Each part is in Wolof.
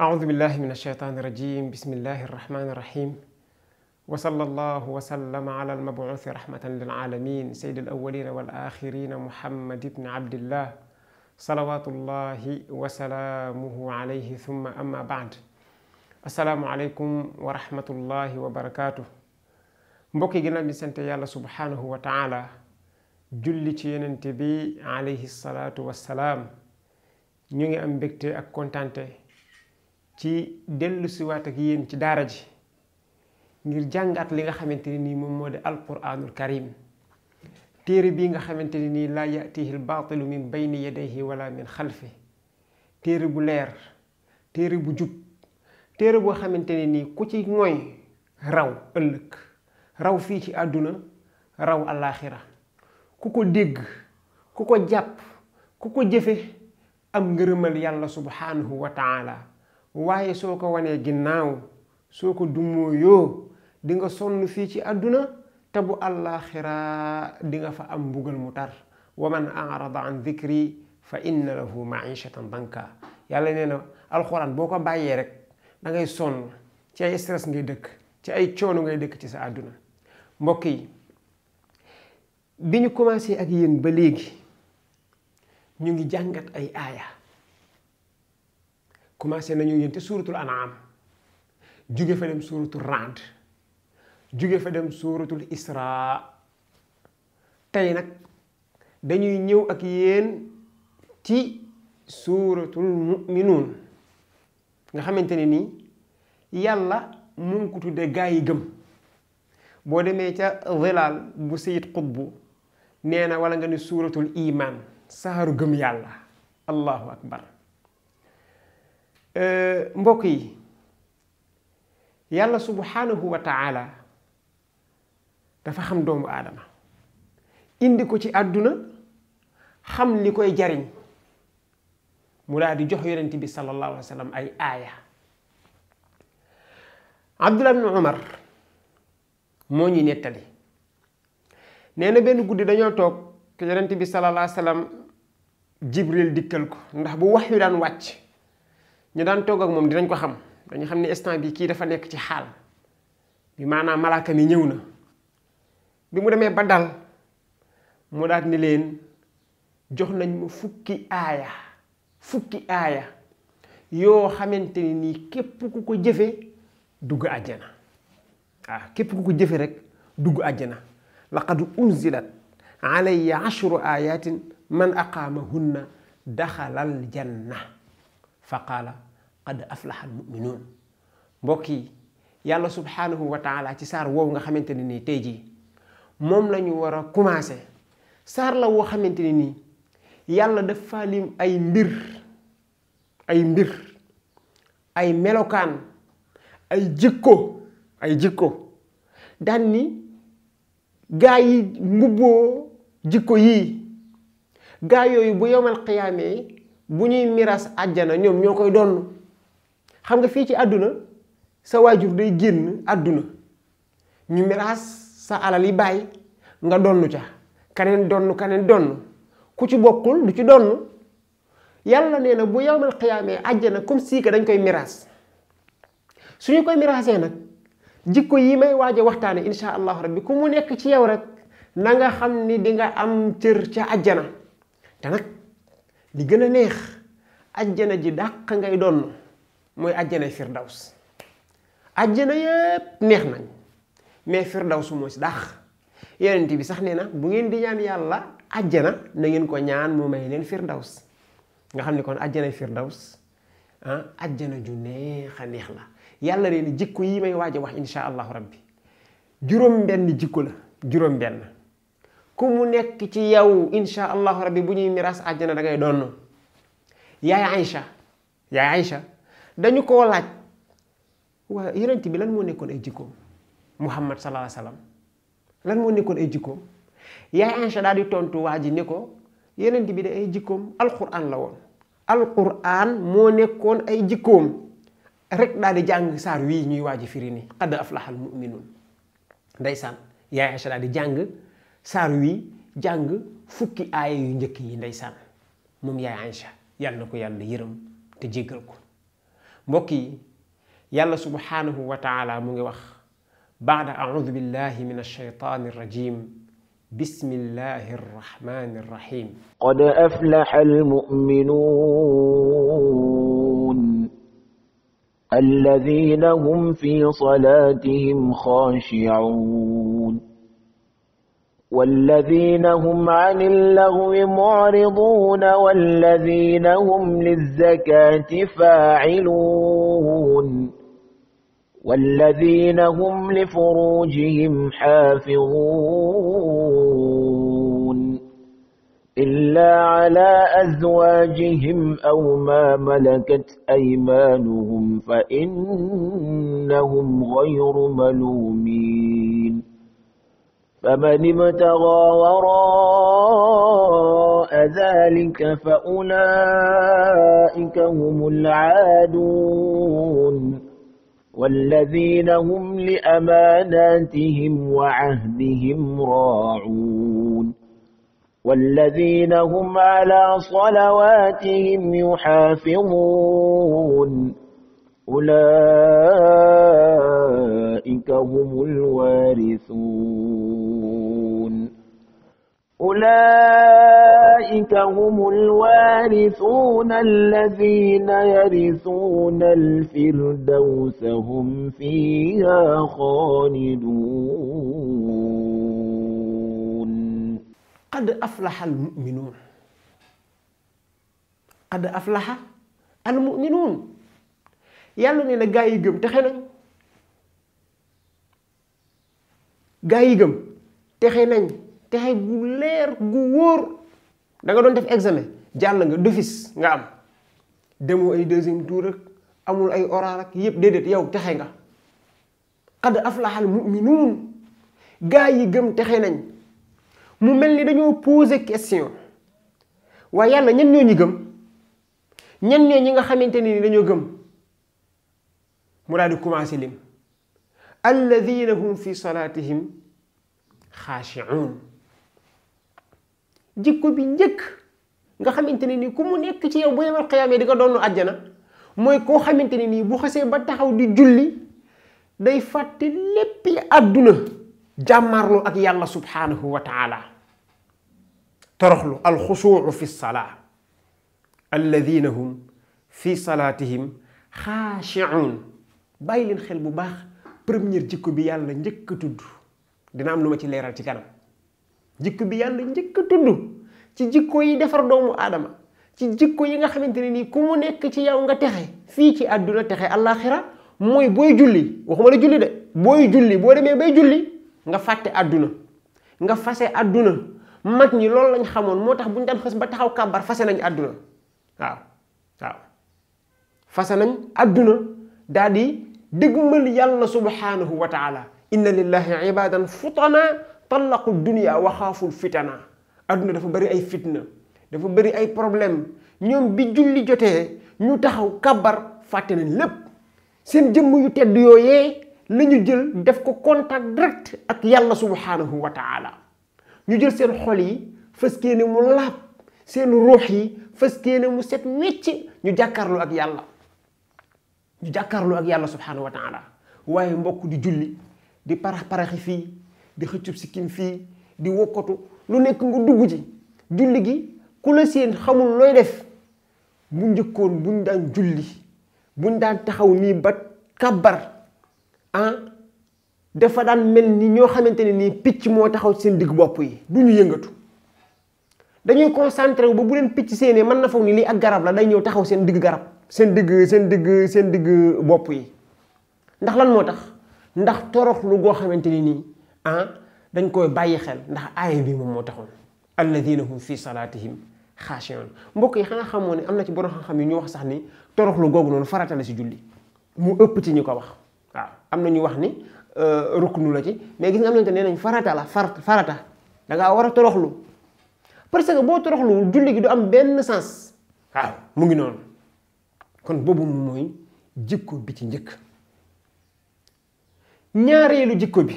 أعوذ بالله من الشيطان الرجيم بسم الله الرحمن الرحيم وصلى الله وسلم على المبعوث رحمة للعالمين سيد الأولين والآخرين محمد بن عبد الله صلوات الله وسلامه عليه ثم أما بعد السلام عليكم ورحمة الله وبركاته مبكي ginnaaw من sant yàlla subhanahu wa taala julli ci yonent bi alayhi salaatu wassalaam ñu ci dellu siwaat ak yéen ci daara ji ngir jàngaat li nga xamante ni nii moom moo di alquranul karim téere bii nga xamante ne nii laa yatihi lbaatilu min bayni yadayhi wala min xalfi téere bu leer téere bu jub téere boo xamante ne nii ku ci mooy raw ëllëg raw fii ci àdduna raw alaaxira ku ko dégg ku ko jàpp ku ko jëfe am ngërëmal yàlla subhaanahu wa taala waye soko wane ginnaw soko dumo yo di nga sonu fi ci aduna tabu al-akhirah di nga fa am bugal mu tar waman arada an dhikri fa inna lahu maishatan danka yalla neena al-quran boko baye rek da ngay son ci ay stress ngay dekk ci ay coono ngay dekk ci sa aduna mbokk yi commencé ak yeen ba ñu ngi jangat ay ayah commencé nañu yéen suratul an'am anaam fa dem suratul rand jóge fa dem suratul isra tay nak dañuy ñëw ak yeen ci suratul mu'minun nga xamanteni ni yalla mu ngi tudde gaay yi gëm bo démé ca bu sayyid qutb néna wala nga ni suratul iman saharu gëm yalla allahu akbar mbokk yi yàlla subhanahu wa ta'ala dafa xam doomu aadama indi ko ci àdduna xam li koy jariñ mu daal di jox yonent bi sallallahu alayhi wa sallam ay aaya abdullah ibn umar moo ñuy nettali nee na benn guddi dañoo toog yonent bi sallallahu alayhi wa sallam jibril dikkal ko ndax bu wax yu daan wàcc ñu daan togg ak moom dinañ ko xam dañu xam ne instant bi kii dafa nekk ci xaal bi maanaam malaaka ñëw na bi mu demee ba dal mu daat ni leen jox nañ ma fukki aaya fukki aaya yoo xamante ni nii képp ku ko jëfe dugg àjjana waaw ah, képp ku ko jëfe rek dugg àjjana laqad unzilat alayya ashru ayatin man aqaamahunna daxalal janna faqaala qad aflaha al muminuun mbokk yi yàlla subhaanahu wa taala ci saar woowu nga xamante ne nii tey jii moom la ñu war a commencé saar la woo xamante ne nii yàlla dafa lim ay mbir ay mbir ay melokaan ay jikko ay jikko daan ni gaa yi mbubboo jikko yii gaa yooyu bu yowmal qiyaamee buñuy miras aljana ñom ñokoy don, xam nga fi ci aduna sa wajur day genn aduna ñu miras sa alal yi bay nga donu ca kanen donu kanen donu ku ci bokul du ci donn yalla neena bu yawmal xiyaamee aljana kum si ka dañ koy miras suñu koy mirasé nak jikko yi may waje waxtane insha Allah rabbi ku mu nekk ci yow rek na nga xamni di nga am cër ca aljana da nak li gëna a neex aljana ji dàq ngay don moy aljana firdaus aljana yeb neex nañ mais firdaus mo ci dàq yonent bi sax neena na bu ngeen di ñaan yalla aljana na ngeen ko ñaan mo may leen firdaus nga xamni kon aljana firdaus han ah, aljana ju neex a neex la yalla reene jikko yi may waji wax inshallah rabbi jurom ben jikko la jurom ben ku mu nekk ci yow insha allah rabbi bu ñuy miras aljana da ngay donn yaay ya yaay aisha dañu ko laaj waa yonent bi lan mo nekkon ay muhammad sallallahu Alaihi wasallam lan mo nekkon ay jikkoom yaay aisha daal di tontu waji ne ko yonent bi ay jikkoom alquran la won alquran mo nekkon ay rek daal di jang sar wi ñuy waji firini ni qad aflaha almuminun ndeysaan yaay aisha di jang sarwi jàng fukki ay yu njëkk yi ndaysan mom yaay Aïcha yàlla na ko yàlla yërëm te jéggal ko mbokk yi yàlla subhanahu wa taala mu ngi wax baada audu billahi minash alshaytani rajim بسم الله الرحمن الرحيم قد أفلح المؤمنون الذين هم في صلاتهم خاشعون والذين هم عن اللغو معرضون والذين هم للزكاة فاعلون والذين هم لفروجهم حافظون إلا على أزواجهم أو ما ملكت أيمانهم فإنهم غير ملومين فمن ابتغى وراء ذلك فأولئك هم العادون والذين هم لأماناتهم وعهدهم راعون والذين هم على صلواتهم يحافظون أولئك أولئك هم الوارثون أولئك هم الوارثون الذين يرثون الفردوس هم فيها خالدون قد أفلح المؤمنون قد أفلح المؤمنون يالو لا غاي گم تخنن gaa yi gëm texe nañ texe gu leer gu wóor da nga doon def examen jàll nga d'office nga am demoo ay deuxième tour ak amul ay oral ak yëpp déedéet yow texe nga xad aflaxal muminuun gaa yi gëm texe nañ mu mel ni dañoo poser question waaye yàlla ñan ñoo ñi gëm ñan ñoo ñi nga xamante ni dañoo gëm mu daal di commencer lim alladina hum fi salaatihim xaashiun jikko bi njëkk nga xamante ne nii ku mu nekk ci yow bu yemal xiyaamee di ko doon àjjana mooy koo xamante ne nii bu xasee ba taxaw di julli day fàtte léppi àdduna jàmmarloo ak yàlla subhaanahu wa taala toroxlu alxusuu fi salaa alladina hum fi salaatihim xaashiun bàyyi leen xel bu baax premier jikko bi yalla ñeuk tuddu dina am lu ci leral ci kanam jikko bi yalla ñeuk tuddu ci jikko yi defar doomu adama ci jikko yi nga xamanteni ni ku mu nekk ci yaw nga texé fi ci aduna texé alakhira moy boy julli waxuma la julli de boy julli bo demé bay julli nga faté aduna nga fase aduna, mag ñi lool lañ xamoon motax buñu bu ñu ba taxaw kambar fase nañ aduna, waaw waaw fase nañ aduna, dadi دغمل يالله سبحانه وتعالى ان لله عبادا فطنا طلقوا الدنيا وخافوا الفتنة ادنا دا بري اي فتنه دا بري اي بروبليم نيوم بي جولي جوتي ني تاخو كبر فاتنا لب سين جيم يو تيد يوي لا نيو جيل داف كو كونتاكت ديريكت اك يالله سبحانه وتعالى نيو جيل سين خولي فاسكيني مو لاب سين روحي فاسكيني مو سيت ويتي نيو جاكارلو اك يالله ñu jàkkaarloo ak yàlla subhanahu wa taala waaye mbokk di julli di parax paraxi fii di xëccub sikkim fii di wokkatu lu nekk nga dugg ji julli gi ku la seen xamul looy def bu njëkkoon buñ daan julli buñ daan taxaw nii ba kàbbar ah dafa daan mel ni ñoo xamante ne nii picc moo taxaw seen digg bopp yi du ñu yëngatu dañuy concentré wu ba bu leen picc seenee mën na foog ni lii ak garab la day ñëw taxaw seen digg garab seen digg seen digg seen digg bopp yi ndax lan moo tax ndax torox goo xamante ni nii ah dañ koy bàyyi xel ndax aaya bi moom moo taxoon alladina hum fi salatihim xaashiyoon mbokk yi xanaa xamoo ne am na ci borom xam-xam yi ñu wax sax ni torox googu noonu farata la si julli mu ëpp ci ñu ko wax am na ñu wax ni euh, ruknu la ci mais gis nga am nañu te nee nañ farata la farata da ngaa war a toroxlu parce que boo toroxlu julli gi du am benn sens waaw mu ngi noonu kon boobu mooy jikko bi ci njëkk ñaareelu jikko bi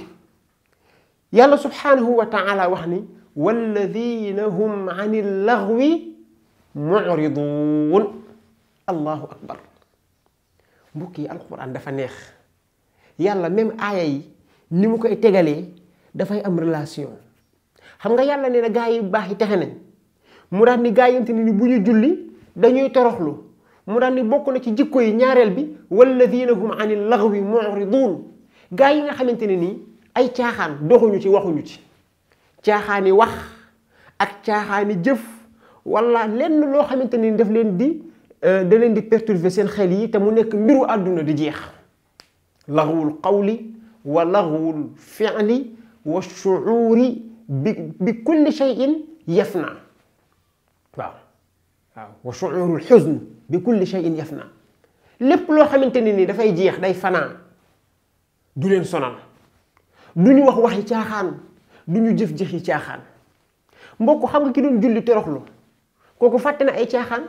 yàlla subhaanahu wa taala wax ni walladina hum ani laxwi muridun allahu dafa neex yàlla même aaya yi ni mu koy tegalee dafay am relation xam nga yàlla nee na gaa yi baax yi texe nañ mu ni gaa yante bu ñu julli dañuy toroxlu مراني بوكنا كي جيكو ينارل بي والذين هم عن اللغو معرضون غاي نيغا خامتيني ني اي تياخان دوخو نيو تي واخو نيو تي تياخاني واخ اك تياخاني جيف ولا لين لو خامتيني داف لين دي دا لين دي بيرتورفي سين خيل يي تا مو نيك ميرو ادونا دي جيخ لغو القول ولغو الفعل والشعور بكل شيء يفنى واو وشعور الحزن بكل شيء يفنى لب لو خامتيني ني دا فاي جيخ داي فنا دولين سونال دوني واخ واخي تياخان دوني جيف جيخي تياخان مبوكو خامغا كي دون جولي تروخلو كوكو فاتنا اي تياخان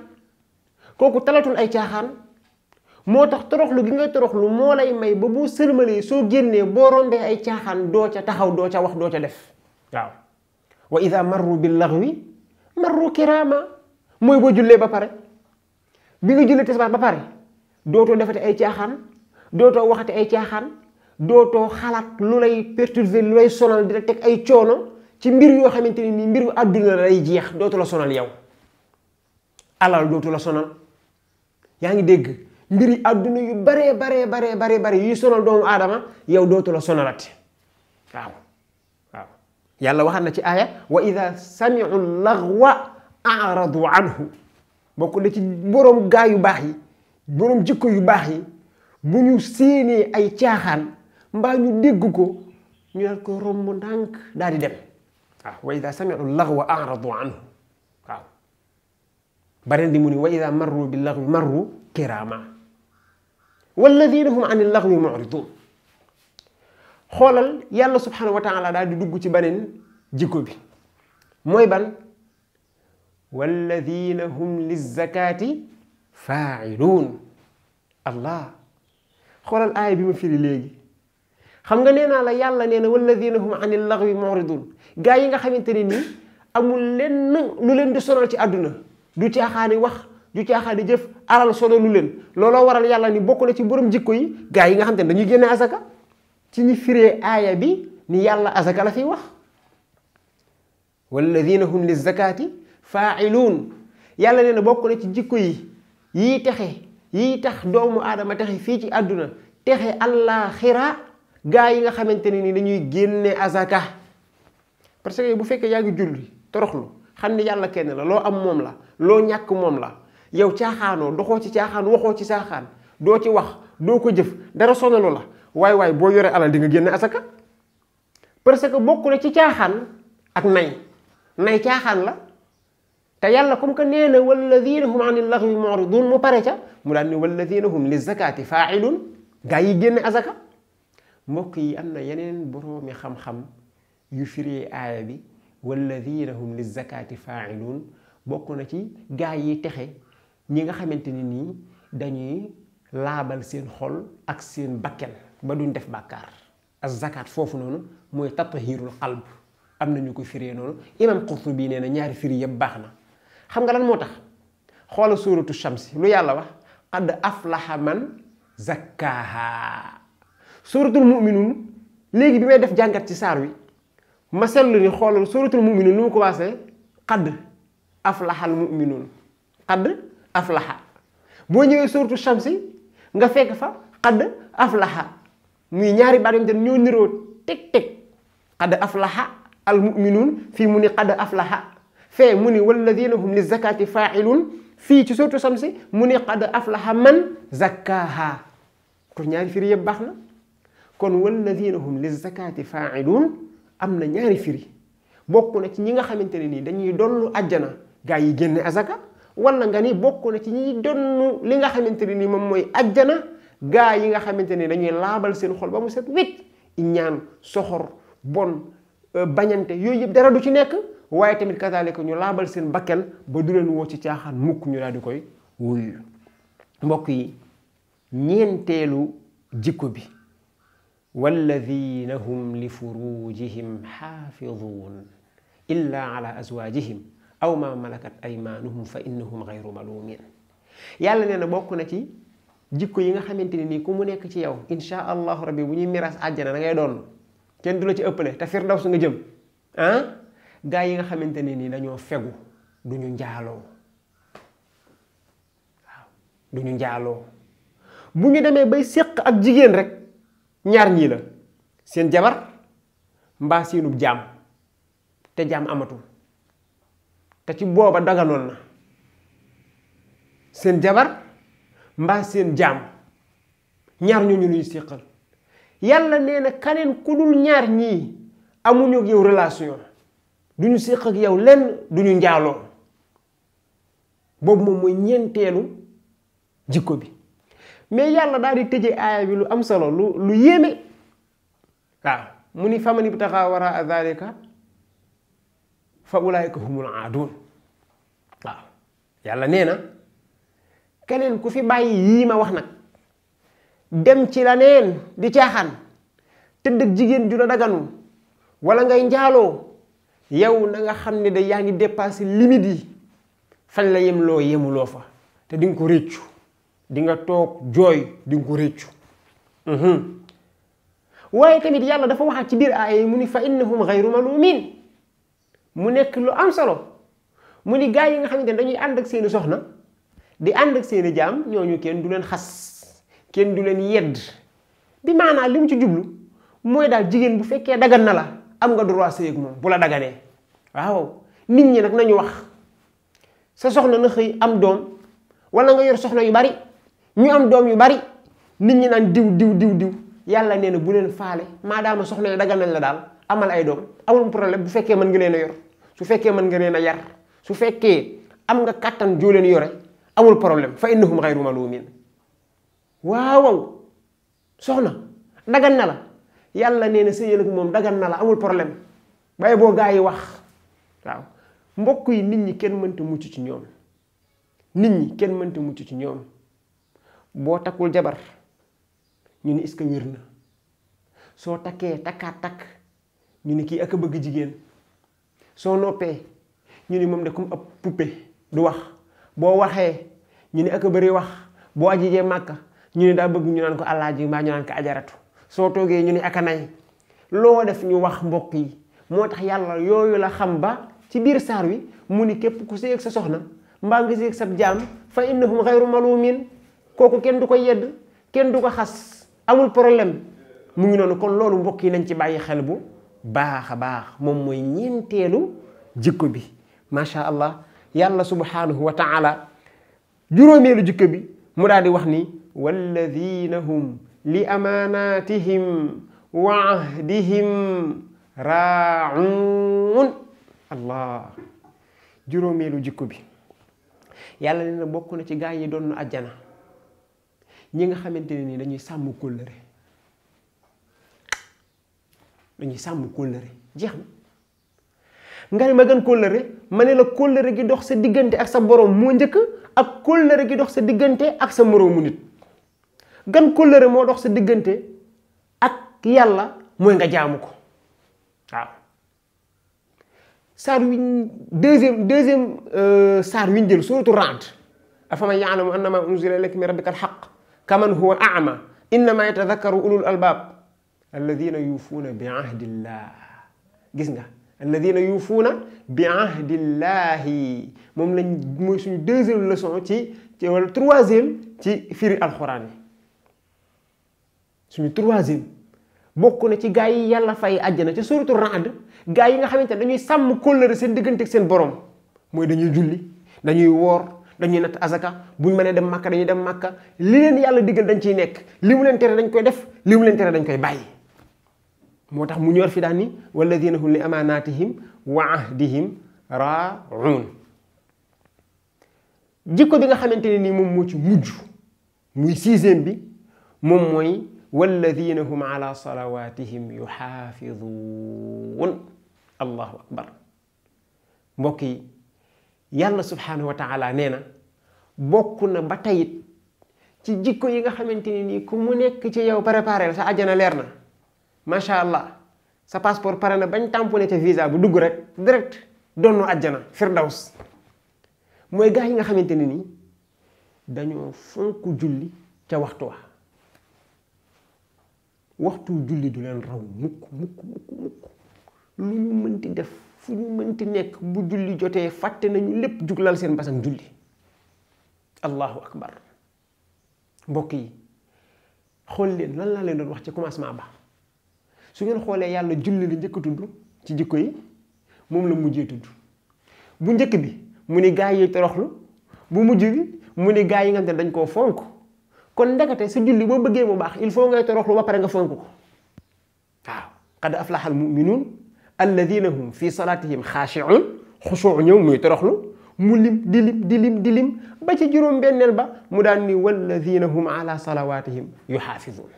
كوكو تلاتول اي تياخان موتاخ تروخلو غيغا تروخلو مولاي ماي بوبو سيرمالي سو генي بوروم بي اي تياخان دو تيا تاخاو دو تيا واخ دو تيا ديف واو واذا مروا باللغو مروا كراما mooy boo jullee ba pare bi nga jullee tisbaar ba pare dootoo defate ay caaxaan dootoo waxate ay caaxaan dootoo xalaat lu lay perturber lu lay sonal di la teg ay coono ci mbir yoo xamante ne nii mbir àdduna la lay jeex dootu sonal yow alal dootu la yaa ngi dégg mbiri àdduna yu bare baree baree baree bare yuy sonal doomu aadama yow dootu la sonalate waaw waaw yàlla waxaat ci aaya wa ida samiu laghwa aradu anhu bokk na ci boroom gaa yu baax yi boroom jikko yu baax yi bu ñu séenee ay caaxaan mbaa ñu dégg ko ñu ne ko romb ndànk daal di dem waaw ah, wa ida samiu laxwa aradu anhu waaw beneen bi mu ni wa ida marru bi laxwi marru kirama walladina hum yàlla subhanahu wa daal di dugg ci beneen jikko bi mooy ban والذين هم للزكاة فاعلون الله خور الآية بما في ليجي خم غنينا لا يالا نينا والذين هم عن اللغو معرضون غاي ييغا خامتيني ني امول لين لو لين دي سونال سي ادنا دو تي اخاني واخ دو تي اخاني جيف ارال سونو لو لين لولو وارال يالا ني بوكو لا سي بوروم جيكو يي غاي ييغا خامتيني دانيو غيني اسكا تي ني فري آية بي ني يالا اسكا لا في واخ والذين هم للزكاه faailuun yàlla nee na bokk na ci jikko yi yii texe yii tax doomu aadama texe fii ci àdduna texe allaaxira gaa yi nga xamante ne nii dañuy génne azaka parce que bu fekkee yàgg ngi julli toroxlu xam ne yàlla kenn la loo am moom la loo ñàkk moom la yow caaxaanoo doxoo ci caaxaan waxoo ci caaxaan doo ci wax doo ko jëf dara sonalu la waaye waaye boo yoree alal di nga génne asaka parce que bokk na ci caaxaan ak nay nay caaxaan la te yàlla comme que nee na walladina hum ani laxwi muridun mu pare ca mu daan ne walladina hum li zakaati faailun gaa yi azaka mbokk yi am na yeneen boroomi xam-xam yu firi aaya bi walladina hum li zakaati faailun bokk na ci gaa yi texe ñi nga xamante ni dañuy laabal seen xol ak seen bakken ba duñ def bàkkaar az zakat foofu noonu mooy tatahirul qalb am na ñu ko firee noonu imam Qurtubi nee ñaari firi yëpp baax xam nga lan moo tax xoola suuratu shamsi lu yàlla wax af laxa man zakkaaha suuratul mu'minuun léegi bi may def jàngat ci saar wi ma seetlu ni xoolal suuratul mu'minuun lu mu commencé qad aflaha al mu'minuun qad aflaha boo ñëwee suuratu shamsi nga fekk fa qad aflaha muy ñaari baat yom te ñoo niroo teg teg qad aflaha al mu'minuun fii mu ni qad aflaha fee mu ni walladina hum li zakati faailun fii ci surtout sam si mu ni qad aflaha man zakkaha kon ñaari firi yëpp baax na kon walladina hum li zakati faailun am na ñaari firi bokk na ci ñi nga xamante ne nii dañuy donnu àjjana gaa yi génne azaka wala nga ni bokk na ci ñiy donnu li nga xamante ne nii moom mooy àjjana gaa yi nga xamante ne dañuy laabal seen xol ba mu set wecc ñaan soxor bon bañante yooyu yëpp dara du ci nekk waye tamit kasaalika ñu label seen bakkel ba du leen wo ci caaxaan mukk ñu daal di koy wuy mbokk yi ñentelu jikko bi walladina hum li furujihim hafizun illa ala azwajihim aw ma malakat aymanuhum fa innahum ghayru malumin yàlla neena bokku na ci jikko yi nga xamanteni ni ku mu nekk ci yow insha allah rabbi bu ñi mirage aljana da ngay doon kenn du la ci ëppale ta firdaws nga jëm han gaay yi nga xamante ni dañoo fegu duñu ñu njaaloo waaw duñu njaaloo bu ñu demee bay séq ak jigéen rek ñaar ñii la seen jabar mbaa seenu jaam te jaam amatu te ci booba daganoon na seen jabar mbaa seen jaam ñaar ñooñu luy séqal yàlla nee na kaneen ku dul ñaar ñii amuñu ak yow relation du ñu séq ak yow lenn du ñu njaaloo boobu moom mooy ñeenteelu jikko bi mais yàlla daal di tëjee aaya bi lu am solo lu lu yéeme waaw mu ni famani bi taxaa waraa zalika fa ulaayika humul aadun waaw yàlla nee keneen ku fi bàyyi yii ma wax nag dem ci la neen di caaxaan tëdd jigéen ju la daganul wala ngay njaaloo yow na nga xamne da yaangi dépasser limite yi fan la yem loo lo fa te ding ko reccu di nga tok joy ding ko reccu réccu waye tamit yalla dafa waxaat ci bir ay yi fa innahum ghayru malumin mu nek lu am solo muni gaay yi nga xamne dañuy and ak seeni soxna di and ak seeni jam ñoñu kenn du len xass kenn du len yedd bi lim ci jublu moy dal jigen bu fekke dagan na la am nga droit sëy ak bu la waawaw nit ñi nag nañu wax sa soxna na xëy am doom wala nga yor soxna yu bari ñu am doom yu bari nit ñi naan diw diw diw diw yàlla nee na bu leen faale maadaama soxna yi dagal nañ la daal amal ay doom amul problème bu fekkee mën nga leen a yor su fekkee mën nga leen a yar su fekkee am nga kàttan joo leen yore amul problème fa innahum xayru malumin waaw soxna dagan na la yàlla nee na sëyal ak moom dagan na la amul problème bay boo gaa yi wax waaw mbokk yi nit ñi kenn mënta mucc ci ñoom nit ñi kenn mënta mucc ci ñoom boo takul jabar ñu ni est-ce que wér na soo takkee takkaat takk ñu ni kii ak a bëgg jigéen soo noppee ñu ni moom ne comme ab poupée du wax boo waxee ñu ni ak a bëri wax boo ajijee màkka ñu ni daa bëgg ñu naan ko alaaji mbaa ñu naan ko ajaratu soo toogee ñu ni ak a nay loo def ñu wax mbokk yi moo tax yàlla la xam ba ci biir saar wi mu ni képp ku séy sa soxna mbaa nga séy ak sa jaam fa innahum xayru malumin kooku kenn du ko yedd kenn du ko xas amul problème mu ngi noonu kon loolu mbokk yi nañ ci bàyyi xel bu baax a baax moom mooy ñeenteelu jikko bi macha allah yàlla subhanahu wa taala juróomeelu jikko bi mu daal di wax ni walladina hum li amaanatihim wa ahdihim allah juróomeelu jikko bi yàlla nee na bokk na ci gaa yi doon na àjjana ñi nga xamante ni nii dañuy sàmm kóllëre dañuy sàmm kóllëre jeex na nga ne ma gën kóllëre ma ne la kóllëre gi dox sa diggante ak sa boroom moo njëkk ak kóllëre gi dox sa diggante ak sa moroomu nit gan kóllëre moo dox sa diggante ak yàlla mooy nga jaamu ko waaw ساروين دوزيم دوزيم ساروين ديال سورة الرعد أفما يعلم أنما أنزل إليك من ربك الحق كمن هو أعمى إنما يتذكر أولو الألباب الذين يوفون بعهد الله جسنا الذين يوفون بعهد الله مم لن موسم دوزيم لسون تي تي ولا تروازيم تي فير القرآن سمي تروازيم bokk na ci gaa yi yàlla fay àjjana ci suuratu Ra'd gaa yi nga xamante ne dañuy sàmm kóllëre seen diggante seen borom mooy dañuy julli dañuy woor dañuy natt azaka bu ñu mënee dem Makka dañuy dem Makka li leen yàlla diggal dañ ciy nekk li mu leen tere dañ koy def li mu leen tere dañ koy bàyyi. moo tax mu ñor fi daan ni walladina hum li amaanaatihim wa ahdihim raa'uun jikko bi nga xamante ne nii moom moo ci mujj muy sixième bi moom mooy. walladina hum ala salawatihim yuxaafiduun yi yàlla subhaanahu wa nee na bokk na ba tayit ci jikko yi nga xamante ni nii ku mu nekk ci yow préparé sa àjjana leer na macha allah sa passeport pare na bañ tamponné ca visa bu dugg rek direct donnu àjjana firdaws mooy gaa yi nga xamante ne nii dañoo fonk julli ca waxtu wa waxtu julli du leen raw mukk mukk mukk mukk lu ñu mënti def fu ñu mënti nekk bu julli jotee fàtte nañu lépp juglal seen basang julli allahu akbar mbokk yi xool leen lan laa leen doon wax ci commencement ba su ngeen xoolee yàlla julli la njëkk tudd ci jikko yi moom la mujjee tudd bu njëkk bi mu ni gaa yi toroxlu bu mujj bi mu ni gaa yi nga dañ koo fonk kon ndekete sa julli bo beugé mu bax il faut ngay toroxlu ba pare nga fonku ko waaw qad aflaha al muminuun alladina hum fi salatihim khashi'un khushu' ñëw muy toroxlu mu lim dilim dilim di ba ci juróom bennel ba mu daan ni walladina hum ala salawatihim yuhafizun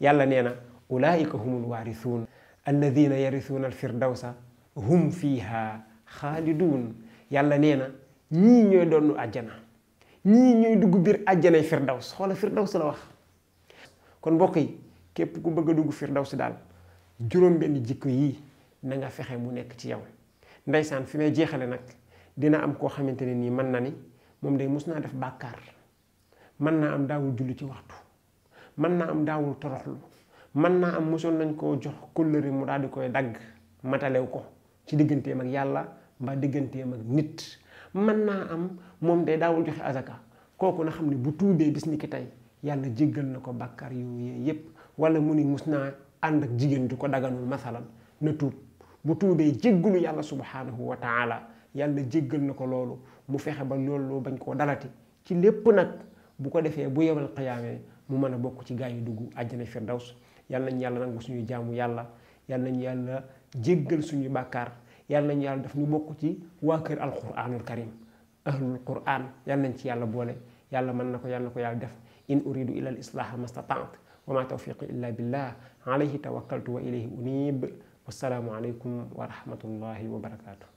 yàlla nee na ulaika humul waarisuun alladina yarisuuna alfirdawsa hum fiha khalidun yàlla neena ñi ñoy ñooy doonu àjjana ñii ñooy dugg biir àjjanay firdaws xoola firdaws la wax kon mbokk yi képp ku bëgg a dugg firdaws daal juróom benn jikko yii na nga fexe mu nekk ci yow ndeysaan fi may jeexale nag dina am koo xamante ne nii mën na ni moom day mus naa def bàkkaar mën naa am daawul julli ci waxtu mën naa am daawul toroxlu mën naa am mosoon nañ koo jox kóllëre mu daal di koy dagg matalew ko ci digganteem ak yàlla mbaa digganteem ak nit mën naa am moom day daawul joxe azaka kooku na xam ne bu tuubee bis ni ki tey yàlla jéggal na ko bàkkaar yooyu yépp wala mu ni mus naa ànd ak jigéen ju ko daganul masalan na tuub bu tuubee jéggalu yàlla subhaanahu wa taala yàlla jéggal na ko loolu mu fexe ba loolu bañ koo dalati ci lépp nag bu ko defee bu yowal qiyaamee mu mën a bokk ci gaa yi dugg àjjana firdaws yàlla nañ yàlla nangu suñuy jaamu yàlla yàlla nañ yàlla jéggal suñu bàkkaar yàlla nañu yàlla daf ñu bokk ci waa kër alquranul karim ahlul quran yàlla nañ ci yàlla boole yàlla mën na ko yàlla na ko yàlla def in uridu ila al islaha mastatant wa ma tawfiqi illa billah alayhi tawakkaltu wa ilayhi unib wassalaamu aleykum wa rahmatullahi wa barakatuh